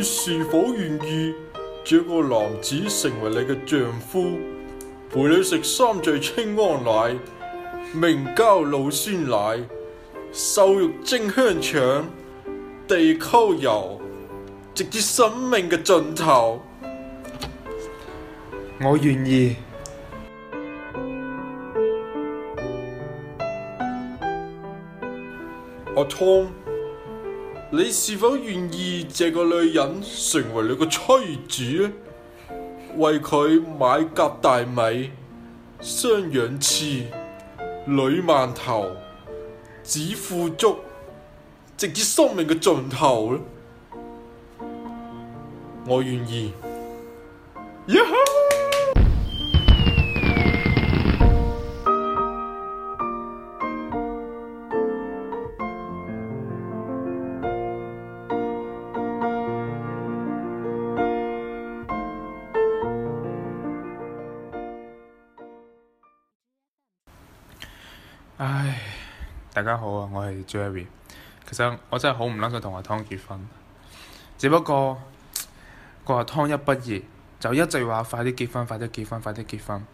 你是否願意這個男子成為你嘅丈夫，陪你食三聚氰胺奶、明膠老酸奶、瘦肉精香腸、地溝油，直至生命嘅盡頭？我願意。我通、啊。Tom，你是否願意借個女人成為你個妻主咧？為佢買夾大米、雙養翅、女饅頭、紫腐竹，直至生命嘅盡頭咧？我願意。Yeah hoo! 大家好啊，我係 Jerry。其實我真係好唔諗想，同阿湯結婚，只不過個阿湯一畢業就一直話快啲結婚，快啲結婚，快啲結婚。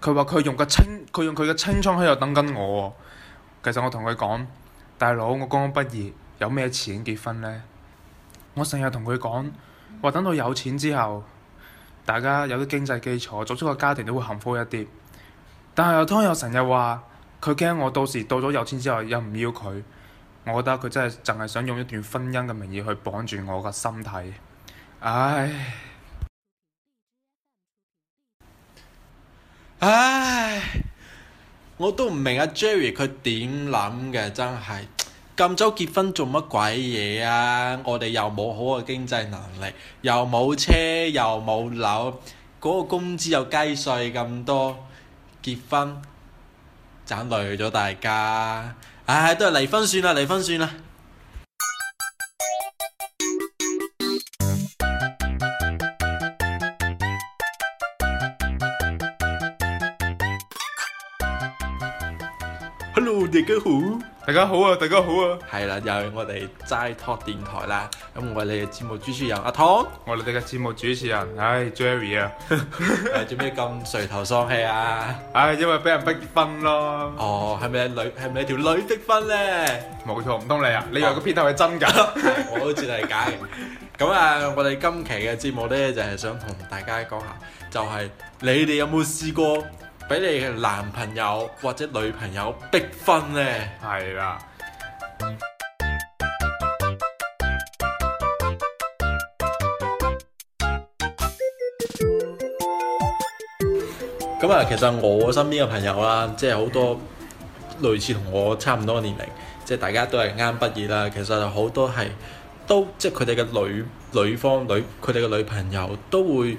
佢話佢用個青，佢用佢嘅青春喺度等緊我。其實我同佢講，大佬我剛剛畢業，有咩錢結婚呢？我成日同佢講，話等到有錢之後，大家有啲經濟基礎，組出個家庭都會幸福一啲。但係阿湯又成日話。佢驚我到時到咗有錢之後又唔要佢，我覺得佢真係淨係想用一段婚姻嘅名義去綁住我個身體。唉，唉，我都唔明阿 Jerry 佢點諗嘅，真係咁早結婚做乜鬼嘢啊？我哋又冇好嘅經濟能力，又冇車，又冇樓，嗰個工資又雞碎咁多，結婚。斬累咗大家，唉、哎，都係離婚算啦，離婚算啦。Hello，大家好。大家好啊！大家好啊！係啦，又係我哋齋 talk 電台啦。咁我哋嘅節目主持人阿湯，我哋嘅節目主持人，唉 Jerry 啊，做咩咁垂頭喪氣啊？唉，因為俾人逼婚咯。哦，係咪女係咪條女逼婚呢？冇錯，唔通你啊？你話個片頭係真噶？我好似係假嘅。咁啊，我哋今期嘅節目呢，就係想同大家講下，就係你哋有冇試過？俾你嘅男朋友或者女朋友逼婚呢？係啦。咁啊，其實我身邊嘅朋友啦，即係好多類似同我差唔多嘅年齡，即係大家都係啱畢業啦。其實好多係都即係佢哋嘅女女方女佢哋嘅女朋友都會。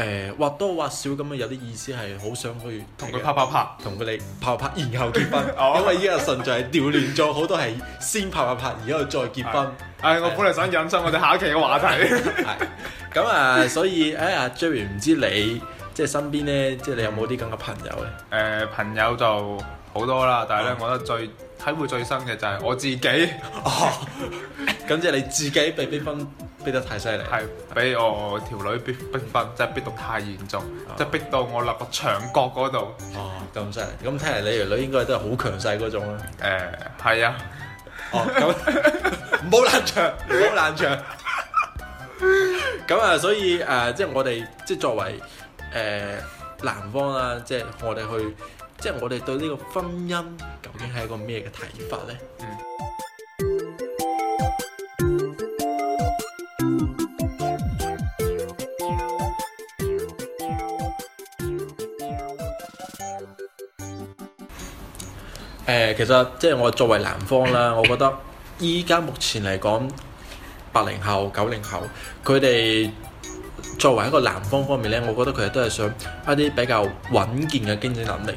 誒、呃、或多或少咁啊，有啲意思係好想去同佢啪啪啪，同佢哋啪啪啪，然後結婚。 因為依家純粹係調亂咗，好多係先啪啪啪，然後再結婚。係 對、哎、我本嚟想引申我哋下一期嘅話題。係咁啊，所以阿、哎啊、Jerry 唔知你即係身邊咧，即係你有冇啲咁嘅朋友咧？誒、哎、朋友就好多啦，但係咧，嗯、我覺得最體會最深嘅就係我自己。咁即係你自己被逼婚？逼得太犀利，係俾我條女逼、嗯、逼婚，即係逼到太嚴重，嗯、即係逼到我立個牆角嗰度。哦，咁犀利！咁睇嚟你條女應該都係好強勢嗰種啦。誒、呃，係啊。哦，咁好難唱，唔好難唱。咁啊， 所以誒、呃，即係我哋，即係作為誒男、呃、方啦，即係我哋去，即係我哋對呢個婚姻究竟係一個咩嘅睇法咧？嗯。誒，其實即係我作為男方啦，我覺得依家目前嚟講，八零後、九零後，佢哋作為一個男方方面呢，我覺得佢哋都係想一啲比較穩健嘅經濟能力，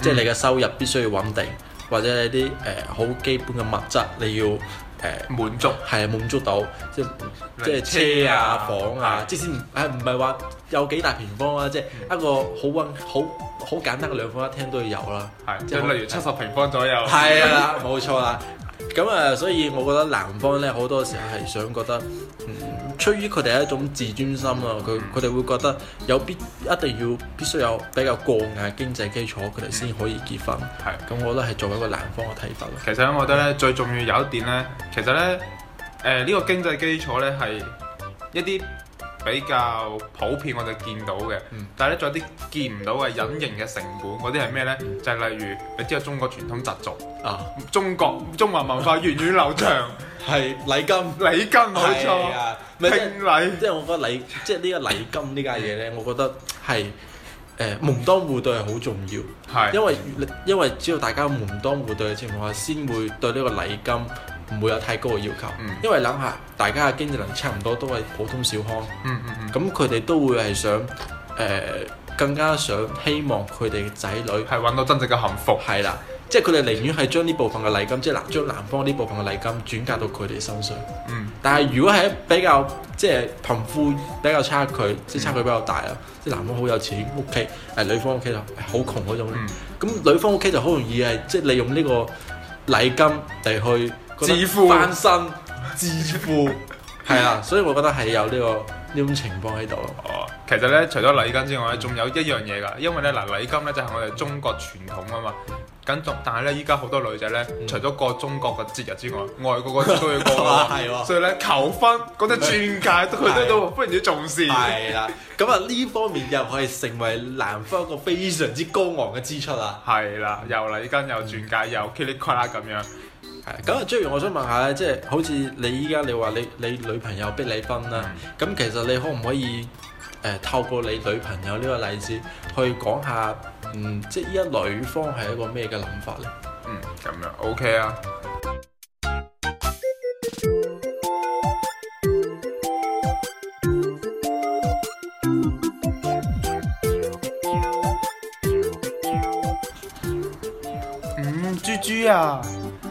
即係你嘅收入必須要穩定，或者一啲誒好基本嘅物質你要誒滿足，係啊，滿足到即即係車啊房啊，即使誒唔係話有幾大平方啊，即係一個好穩好。好簡單嘅兩房一廳都要有啦，即係是後例如七十平方左右。係啊， 冇錯啦。咁啊， 所以我覺得男方咧好多時候係想覺得，嗯、出於佢哋一種自尊心啊，佢佢哋會覺得有必一定要必須有比較過硬嘅經濟基礎，佢哋先可以結婚。係的，咁我覺得係作為一個男方嘅睇法。其實我覺得咧，最重要有一點咧，其實咧，誒、呃、呢、這個經濟基礎咧係一啲。比較普遍我哋見到嘅，嗯、但係咧仲有啲見唔到嘅隱形嘅成本，嗰啲係咩呢？就係、是、例如你知道中國傳統習俗啊，中國中華文，文化源遠、遠流長，係 禮金，禮金冇錯，聘、啊、禮。即係、就是就是、我覺得禮，即係呢個禮金呢家嘢呢， 我覺得係誒門當戶對係好重要，係是因為因為只要大家門當戶對嘅情況下，先會對呢個禮金。唔會有太高嘅要求，因為諗下大家嘅經濟能力差唔多，都係普通小康。咁佢哋都會係想誒，更加想希望佢哋嘅仔女係揾到真正嘅幸福。係啦，即係佢哋寧願係將呢部分嘅禮金，即係男將男方呢部分嘅禮金轉嫁到佢哋身上。但係如果係比較即係貧富比較差距，即係差距比較大啊，即係男方好有錢屋企，誒女方屋企就好窮嗰種。咁女方屋企就好容易係即係利用呢個禮金嚟去。致富翻身，致富係啊，所以我覺得係有呢個呢種情況喺度。哦，其實咧，除咗禮金之外咧，仲有一樣嘢噶因為咧嗱，禮金咧就係我哋中國傳統啊嘛。咁但係咧，依家好多女仔咧，除咗過中國嘅節日之外，外國嘅都要過啦，係。所以咧，求婚嗰對鑽戒都佢都都非常之重視。係啦，咁啊呢方面又可以成為男方一個非常之高昂嘅支出啊。係啦，又禮金，又鑽戒，又噼里啪啦咁樣。咁啊，即係我想問下咧，即係好似你依家你話你你女朋友逼你分啦，啊，咁、嗯、其實你可唔可以誒、呃、透過你女朋友呢個例子去講下，嗯，即係依家女方係一個咩嘅諗法咧？嗯，咁樣 OK 啊。嗯，豬豬啊！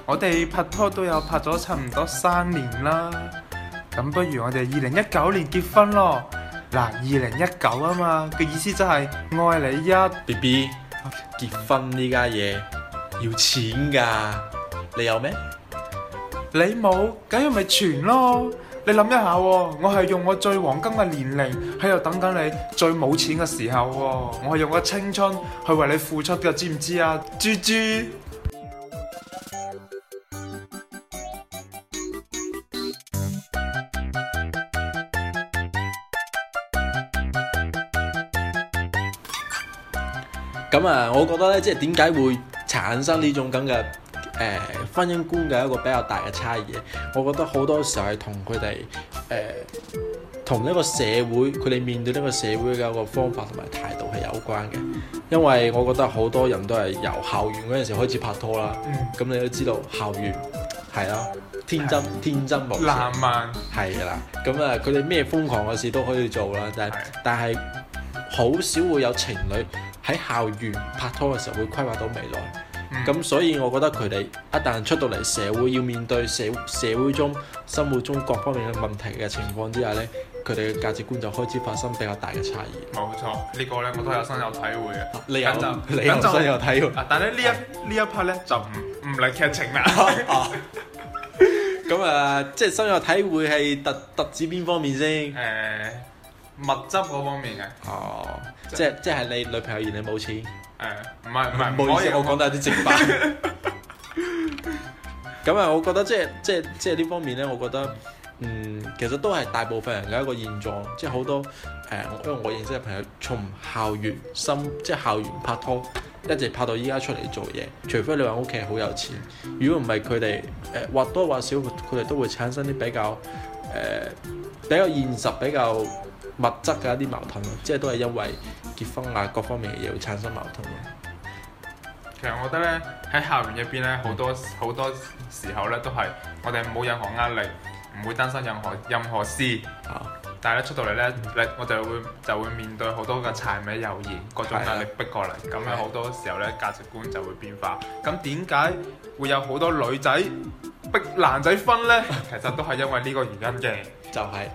我哋拍拖都有拍咗差唔多三年啦，咁不如我哋二零一九年結婚咯？嗱，二零一九啊嘛，嘅意思就係愛你一。B B，結婚呢家嘢要錢噶，你有咩？你冇，梗係咪存咯。你諗一下喎，我係用我最黃金嘅年齡喺度等緊你最冇錢嘅時候，我係用我青春去為你付出嘅，知唔知啊？豬豬。咁啊，我覺得咧，即係點解會產生呢種咁嘅誒婚姻觀嘅一個比較大嘅差異？我覺得好多時候係同佢哋誒同一個社會，佢哋面對呢個社會嘅一個方法同埋態度係有關嘅。因為我覺得好多人都係由校園嗰陣時開始拍拖啦。咁、嗯、你都知道校園係咯、啊，天真的天真無邪，浪漫係啦。咁啊，佢哋咩瘋狂嘅事都可以做啦，但係的但係好少會有情侶。喺校園拍拖嘅時候會規劃到未來，咁、嗯、所以我覺得佢哋一旦出到嚟社會，要面對社會社會中生活中各方面嘅問題嘅情況之下呢，佢哋嘅價值觀就開始發生比較大嘅差異。冇錯，呢、呢個呢，我都有深有體會嘅、啊，你有就你有深有體會。啊、但係呢一呢是一 part 呢，就唔唔係劇情啦。咁 啊，即係深有體會係特特指邊方面先？誒。 物質嗰方面嘅哦，oh, 就是、即即係你女朋友嫌你冇錢，誒唔係唔係冇意思，我講得有啲直白咁啊。我覺得即即即呢方面咧，我覺得嗯其實都係大部分人嘅一個現狀，即好多誒、嗯，因為我認識嘅朋友從校園心，即校園拍拖，一直拍到依家出嚟做嘢，除非你話屋企好有錢，如果唔係佢哋誒或多或少佢哋都會產生啲比較誒、呃、比較現實比較。物質嘅一啲矛盾咯，即係都係因為結婚啊，各方面嘅嘢會產生矛盾咯。其實我覺得呢，喺校園入邊呢，好多、嗯、好多時候呢都係我哋冇任何壓力，唔會擔心任何任何事。哦、但係咧出到嚟呢，我哋會就會面對好多嘅柴米油鹽，各種壓力逼過嚟，啊、咁樣好多時候呢，價值觀就會變化。咁點解會有好多女仔逼男仔分呢？ 其實都係因為呢個原因嘅，就係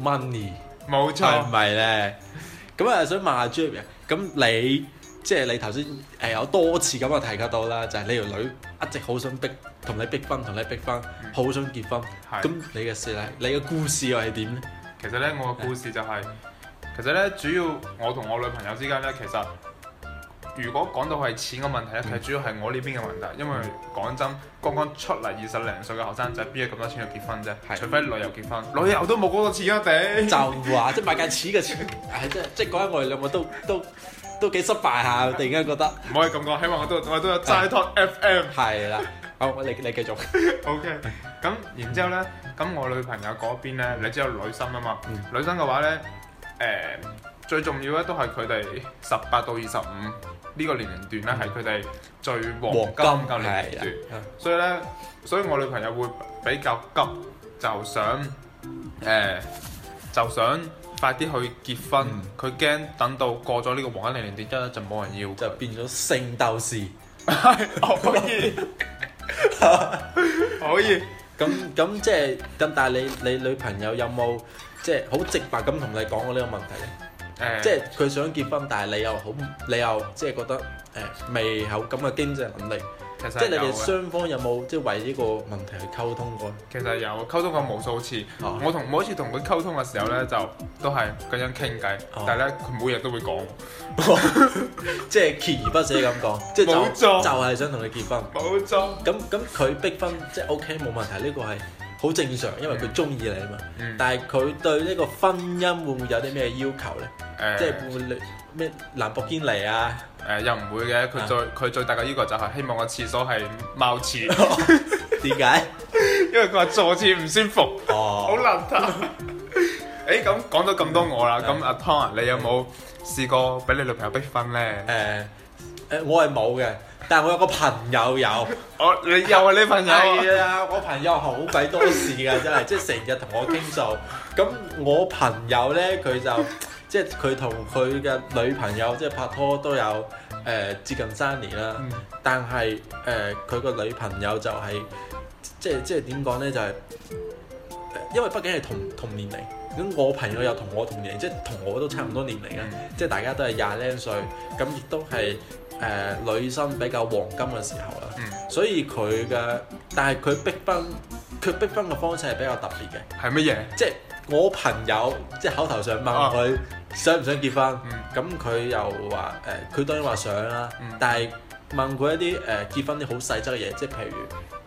money。冇沒錯，是是呢，唔係咧？咁啊，想問下 Javier 咁你即係、就是、你頭先誒有多次咁啊提及到啦，就係、是、你條女一直好想逼同你逼婚，同你逼婚，好、嗯、想結婚。咁是你嘅事咧，你嘅故事又係點呢？其實呢，我嘅故事就係、是，是其實呢，主要我同我女朋友之間呢，其實。如果講到係錢嘅問題咧，其實主要係我呢邊嘅問題，因為講真，剛剛出嚟二十零歲嘅學生仔，邊有咁多錢去結婚啫？對除非旅遊結婚，嗯、旅遊都冇嗰個錢啊！頂就話即係買戒指嘅錢，即係即係講起我哋兩個都都都，都幾失敗下、啊，突然間覺得唔可以咁講，希望我都我都有齋託 FM 係啦。好， 你你繼續。O K，咁然之後咧，咁我女朋友嗰邊咧，你知有女生啊嘛？女生嘅話咧，誒、呃、最重要咧都係佢哋十八到二十五。呢個年齡段咧，係佢哋最黃金嘅年齡金段，的所以咧，所以我女朋友會比較急，就想誒、呃，就想快啲去結婚。佢驚、嗯、等到過咗呢個黃金年齡段之後，就冇人要，就變咗聖鬥士。 可以，可以。咁咁即係咁，但係你你女朋友有冇即係好直白咁同你講過呢個問題咧？嗯、即係佢想結婚，但係你又好，你又即係覺得誒、欸、未有咁嘅經濟能力，其實即係你哋雙方有冇即係為呢個問題去溝通過？其實有溝通過無數次，哦、我同每次同佢溝通嘅時候咧，就都係咁樣傾偈，哦、但係咧佢每日都會講、哦， 即係鍥而不捨咁講，即係錯就就係想同佢結婚。冇錯錯。咁咁佢逼婚即係、就是、OK 冇問題，呢個係。好正常，因為佢中意你啊嘛。但係佢對呢個婚姻會唔會有啲咩要求呢？即係會唔會咩？蘭博基尼啊？誒又唔會嘅。佢最佢最大嘅要求就係希望個廁所係貓廁。點解？因為佢話坐廁唔舒服，好邋遢。誒咁講咗咁多我啦，咁阿 Tom 啊，你有冇試過俾你女朋友逼婚呢？誒，我係冇嘅。但係我有個朋友有，我你又係、啊、你朋友啊？係啊，我朋友好鬼多事嘅，真係即係成日同我傾訴。咁我朋友呢，佢就即係佢同佢嘅女朋友即係拍拖都有誒、呃、接近三年啦。但係誒佢個女朋友就係、是、即係即係點講呢？就係、是、因為畢竟係同同年齡，咁我朋友又同我同年齡，即係同我都差唔多年齡啊，嗯、即係大家都係廿零歲，咁亦都係。嗯誒、呃、女生比較黃金嘅時候啦，嗯、所以佢嘅，但係佢逼婚，佢逼婚嘅方式係比較特別嘅。係乜嘢？即係我朋友，即係口頭上問佢、啊、想唔想結婚，咁佢、嗯、又話誒，佢、呃、當然話想啦，但係問佢一啲誒、呃、結婚啲好細則嘅嘢，即係譬如誒、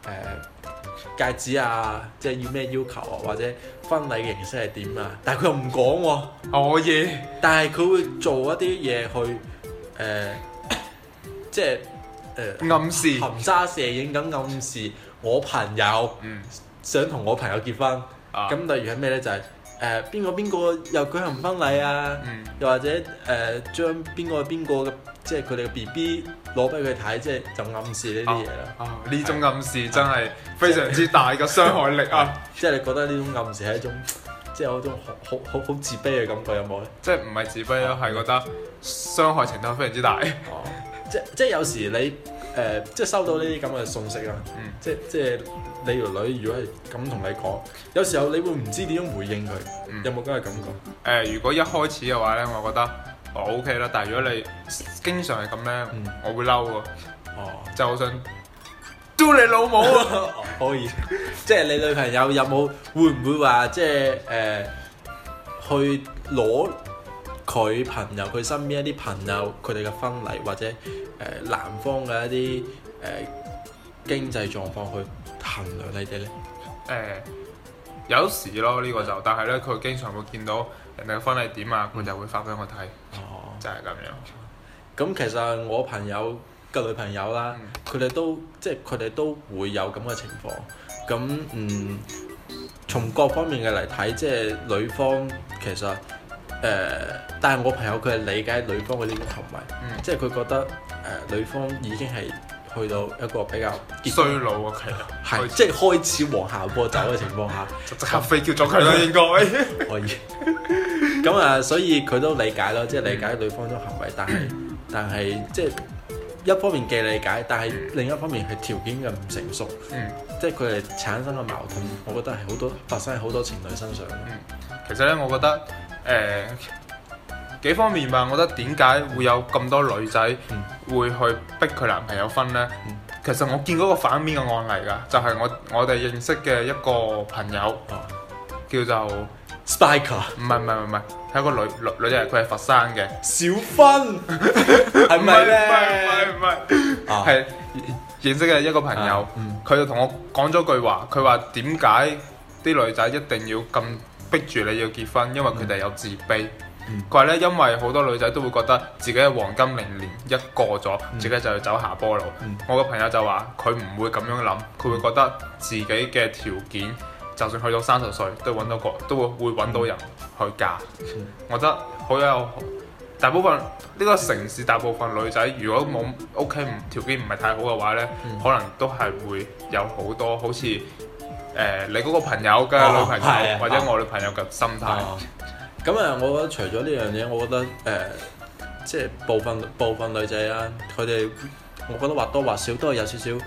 呃、戒指啊，即係要咩要求啊，或者婚禮嘅形式係點啊，也但係佢又唔講喎。哦耶！但係佢會做一啲嘢去誒。呃即係誒、呃、暗示，含沙射影咁暗示我朋友想同我朋友結婚。咁例如係咩咧？就係誒邊個邊個又舉行婚禮啊？又、嗯、或者誒、呃、將邊個邊個即係佢哋嘅 B B 攞俾佢睇，即係就暗示呢啲嘢啦。呢、哦哦、種暗示真係非常之大嘅傷害力啊！即係你覺得呢種暗示係一種即係有一種好好好自卑嘅感覺有冇咧？即係唔係自卑咯？係覺得傷害程度非常之大。嗯即即有時你誒、呃、即收到呢啲咁嘅信息啦，即即你條女如果係咁同你講，有時候你會唔知點樣回應佢，嗯、有冇咁嘅感覺？誒、呃，如果一開始嘅話咧，我覺得我、哦、OK 啦。但係如果你經常係咁咧，嗯、我會嬲啊。哦，即就想 do 你老母啊！ 可以， 即係你女朋友有冇會唔會話即係誒、呃、去攞？佢朋友佢身邊一啲朋友佢哋嘅婚禮或者誒男、呃、方嘅一啲誒、呃、經濟狀況去衡量你哋呢？誒、呃、有時咯呢、這個就，但係呢，佢經常會見到人哋嘅婚禮點啊，佢就會發俾我睇。嗯、哦，就係咁樣。咁其實我朋友嘅女朋友啦，佢哋、嗯、都即係佢哋都會有咁嘅情況。咁嗯，從各方面嘅嚟睇，即係女方其實。誒，但係我朋友佢係理解女方嘅呢種行為，即係佢覺得誒女方已經係去到一個比較衰老嘅，係即係開始往下坡走嘅情況下，就即刻飛叫咗佢啦，應該可以。咁啊，所以佢都理解咯，即係理解女方種行為，但係但係即係一方面嘅理解，但係另一方面係條件嘅唔成熟，嗯，即係佢哋產生嘅矛盾，我覺得係好多發生喺好多情侶身上。其實咧，我覺得。誒，幾方面吧？我覺得點解會有咁多女仔會去逼佢男朋友分呢？其實我見嗰個反面嘅案例噶，就係我我哋認識嘅一個朋友，叫做 Spiker，唔係唔係唔係，係一個女女女仔，佢係佛山嘅小芬，係唔係咧？唔係唔係，係認識嘅一個朋友，佢就同我講咗句話，佢話點解啲女仔一定要咁？逼住你要結婚，因為佢哋有自卑。佢話咧，因為好多女仔都會覺得自己嘅黃金零年一過咗，嗯、自己就要走下坡路。嗯、我個朋友就話佢唔會咁樣諗，佢會覺得自己嘅條件，就算去到三十歲，都揾到個都會會揾到人去嫁。嗯、我覺得好有大部分呢、這個城市大部分女仔，如果冇屋企唔條件唔係太好嘅話呢、嗯、可能都係會有好多好似。誒、呃，你嗰個朋友嘅女朋友，哦啊、或者我女朋友嘅心態，咁啊、哦哦， 我覺得除咗呢樣嘢，我覺得誒、呃，即係部分部分女仔啊，佢哋，我覺得或多或少都係有少少誒、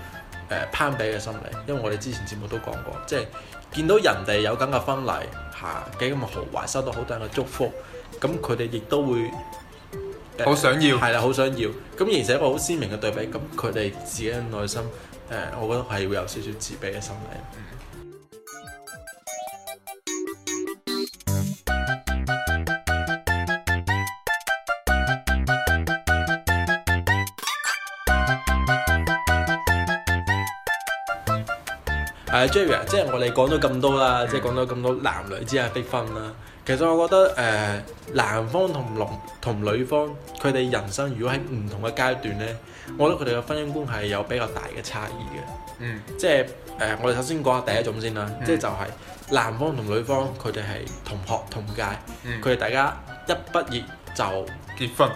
呃、攀比嘅心理，因為我哋之前節目都講過，即係見到人哋有咁嘅婚禮嚇，幾、啊、咁豪華，收到好多人嘅祝福，咁佢哋亦都會好、呃、想要，係啦，好想要，咁、嗯、而且一個好鮮明嘅對比，咁佢哋自己嘅內心，誒、呃，我覺得係會有少少、少自卑嘅心理。嗯。誒、uh, Javier，即係我哋講咗咁多啦，嗯、即係講咗咁多男女之間嘅逼婚啦。其實我覺得誒、呃、男方同同女方佢哋人生如果喺唔同嘅階段咧，我覺得佢哋嘅婚姻觀係有比較大嘅差異嘅。嗯，即係誒、呃，我哋首先講下第一種先啦，即係、嗯、就係男方同女方佢哋係同學同屆，佢哋、嗯、大家一畢業就結婚，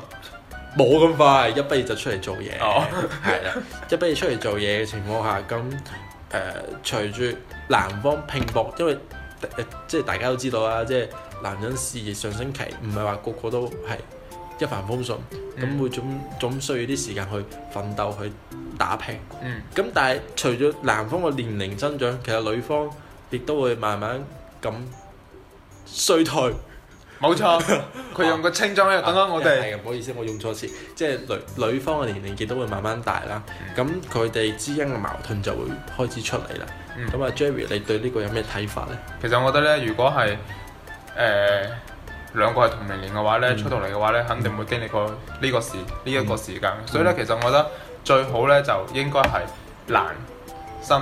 冇咁快，一畢業就出嚟做嘢。哦，係 啦，一畢業出嚟做嘢嘅情況下，咁。誒、呃，隨住男方拼搏，因為、呃、即係大家都知道啦，即係男人事業上升期，唔係話個個都係一帆風順，咁、嗯、會總總需要啲時間去奮鬥去打拼。咁、嗯、但係，隨住男方個年齡增長，其實女方亦都會慢慢咁衰退。冇錯，佢 用個青裝喺度等我哋。係、啊，唔、啊、好意思，我用錯詞，即係女女方嘅年齡亦都會慢慢大啦。咁佢哋之間嘅矛盾就會開始出嚟啦。咁啊、嗯、Jerry，你對呢個有咩睇法呢？其實我覺得咧，如果係誒、呃、兩個係同齡年嘅話咧，嗯、出到嚟嘅話咧，肯定會經歷過呢個時呢一、嗯、個時間。嗯、所以咧，其實我覺得最好咧，就應該係難心。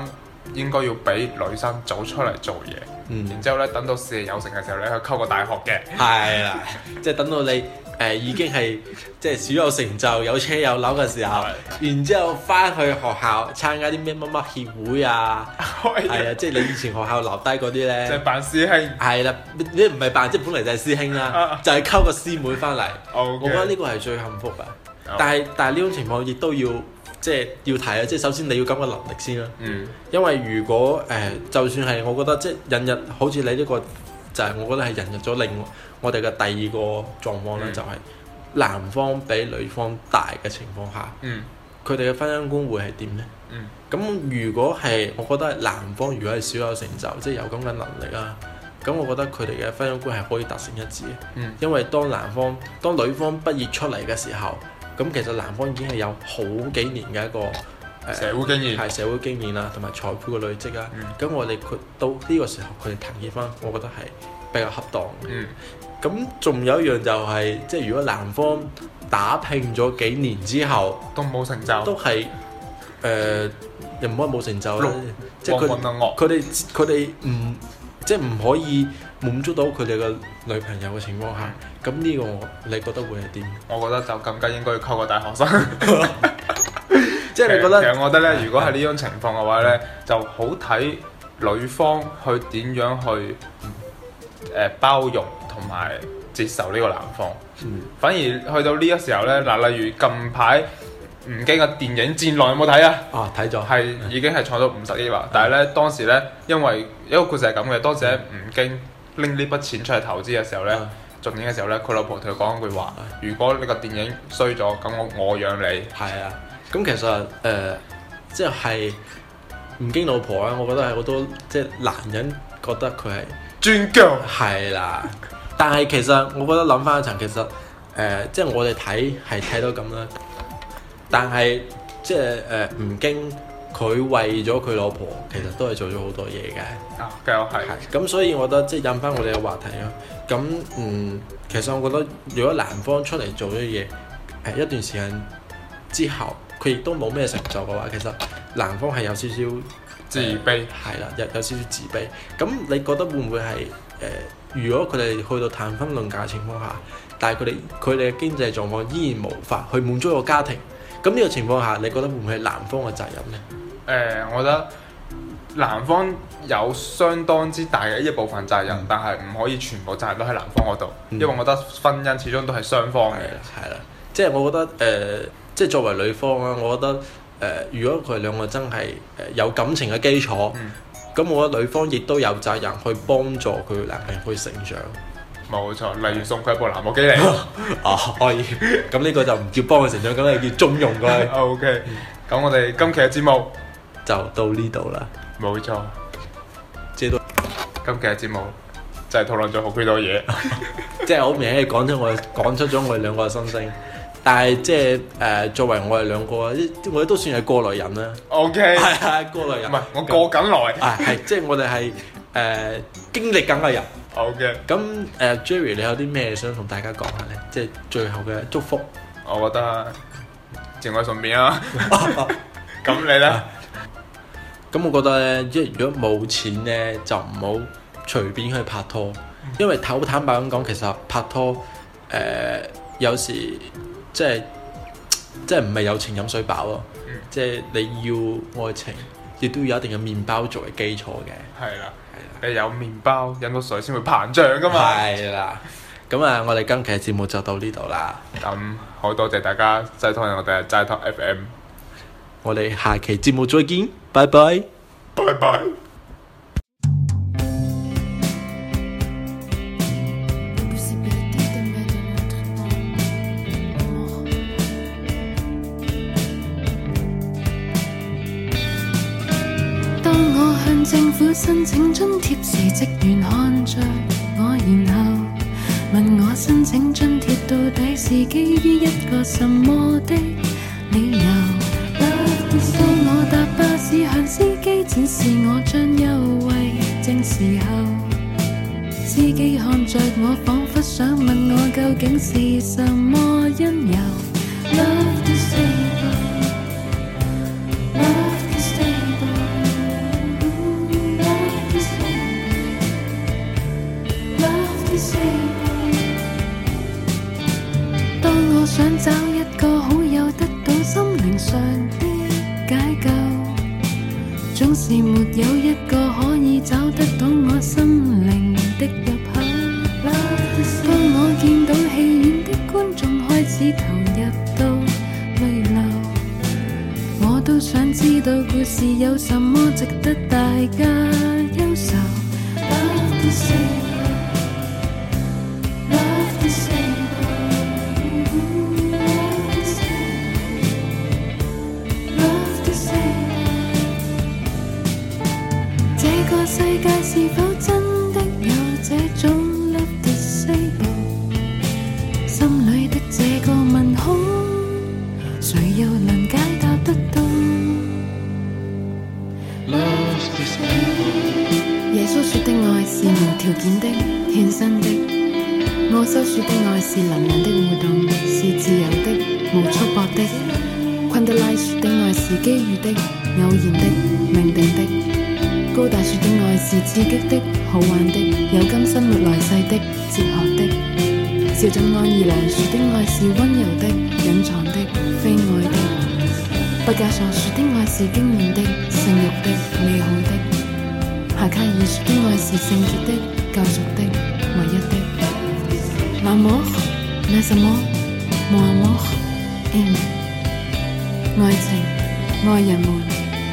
應該要俾女生早出嚟做嘢，嗯、然之後咧，等到事業有成嘅時候咧，去溝個大學嘅，係啦，即、就、係、是、等到你誒、呃、已經係即係小有成就、有車有樓嘅時候，的然之後翻去學校參加啲咩乜乜協會啊，係啊、哎呀，即係、就是、你以前學校留低嗰啲咧，即係扮師兄，係啦，你唔係扮，即係本嚟就係師兄啦，啊、就係溝個師妹翻嚟，Okay. 我覺得呢個係最幸福嘅 No.，但係但係呢種情況亦都要。即係要睇啊！即係首先你要咁嘅能力先啦。嗯。因為如果誒，就算係，我覺得即係引入，好似你呢個就係我覺得係引入咗另外。嗯。我哋嘅第二個狀況啦。嗯。就係男方比女方大嘅情況下。嗯。佢哋嘅婚姻觀會係點呢？嗯。咁如果係，我覺得男方如果係少有成就，即係有咁嘅能力啊，咁我覺得佢哋嘅婚姻觀係可以達成一致。嗯。因為當男方當女方畢業出嚟嘅時候。咁其實男方已經係有好幾年嘅一個誒社會經驗，係、呃、社會經驗啦，同埋財富嘅累積啊。咁、嗯、我哋佢到呢個時候佢哋談結婚，我覺得係比較恰當嘅。咁仲、嗯、有一樣就係、是，即係如果男方打拼咗幾年之後都冇成就，都係誒，又、呃、唔可以冇成就啦。六即係佢，佢哋佢哋唔即係唔可以滿足到佢哋嘅女朋友嘅情況下，咁呢、嗯、個你覺得會係點？我覺得就更加應該要溝個大學生，即係你覺得。其實我覺得咧，如果係呢種情況嘅話咧，就好睇女方去點樣去誒包容同埋接受呢個男方。嗯、反而去到呢個時候咧，嗱，例如近排吳京嘅電影《戰狼》，有冇睇啊？啊，睇咗。係已經係創到五十億啦，嗯、但係咧當時咧，因為一個故事係咁嘅，當時咧吳京。拎呢筆錢出去投資嘅時候呢，做電影嘅時候呢，佢老婆同佢講一句話：，嗯、如果呢個電影衰咗，咁我我養你。係啊，咁其實誒，即係吳京老婆咧，我覺得係好多即係、就是、男人覺得佢係專家。係啦家、啊，但係其實我覺得諗翻一層，其實誒，即、呃、係、就是、我哋睇係睇到咁啦，但係即係誒吳京。就是呃佢為咗佢老婆，其實都係做咗好多嘢嘅。啊，咁又係。係，咁所以我覺得即係引返我哋嘅話題咯。咁嗯，其實我覺得，如果男方出嚟做咗嘢，一段時間之後，佢亦都冇咩成就嘅話，其實男方係有少少自卑、呃、有少少自卑。係啦，有有少少自卑。咁你覺得會唔會係誒、呃？如果佢哋去到談婚論嫁情況下，但係佢哋佢哋嘅經濟狀況依然無法去滿足一個家庭？咁呢個情況下，你覺得會唔會係男方嘅責任呢？誒、呃，我覺得男方有相當之大嘅一部分責任，嗯、但係唔可以全部責任都喺男方嗰度，嗯、因為我覺得婚姻始終都係雙方嘅，係啦。即係我覺得，誒、呃，即係作為女方咧、啊，我覺得，誒、呃，如果佢哋兩個真係有感情嘅基礎，咁、嗯、我覺得女方亦都有責任去幫助佢男朋友去成長。冇錯，例如送佢一部藍魔機嚟。啊，可以，咁呢個就唔叫幫佢成長，咁係叫縱容佢。OK，咁我哋今期嘅節目就到呢度啦。冇錯，即係到今期嘅節目就係討論咗好幾多嘢，即係好明顯講出我講出咗我哋兩個嘅心聲。但係即係誒，作為我哋兩個，我哋都算係過來人啦。OK，係係過來人，唔係我過緊來，啊係，即係我哋係誒經歷緊嘅人。好嘅，咁誒 Jerry，你有啲咩想同大家講下咧？即、就、係、是、最後嘅祝福。我覺得，情愛順便啊。咁 你咧呢？咁 我覺得咧，即係如果冇錢咧，就唔好隨便去拍拖。因為坦坦白咁講，其實拍拖誒、呃、有時即係即係唔係有情飲水飽咯。即係、嗯、你要愛情，亦都要有一定嘅麵包作為基礎嘅。係啦。你有麵包，飲到水先會膨脹噶嘛。係啦，咁啊，我哋今期嘅節目就到呢度啦。咁好多謝大家齋托，我哋齋托 FM，我哋下期節目再見，拜拜，拜拜。我申請津貼時，職員看着我，然後問我申請津貼到底是基於一個什麼的理由。當我搭巴士向司機展示我張優惠證時候，司機看着我，仿佛想問我究竟是什麼因由。是沒有一個可以找得到我心靈的入口。當我見到戲院的觀眾開始投入到淚流，我都想知道故事有什麼值得大家憂愁。命定的，高達說的愛是刺激的、好玩的，有今生沒來世的哲學的。小津安二郎說的愛是溫柔的、隱藏的、非愛的。畢加索說的愛是驚豔的、性欲的、美好的。夏卡爾說的愛是聖潔的、救贖的、唯一的。a m o 什麼？a m am o in 愛情，愛人們。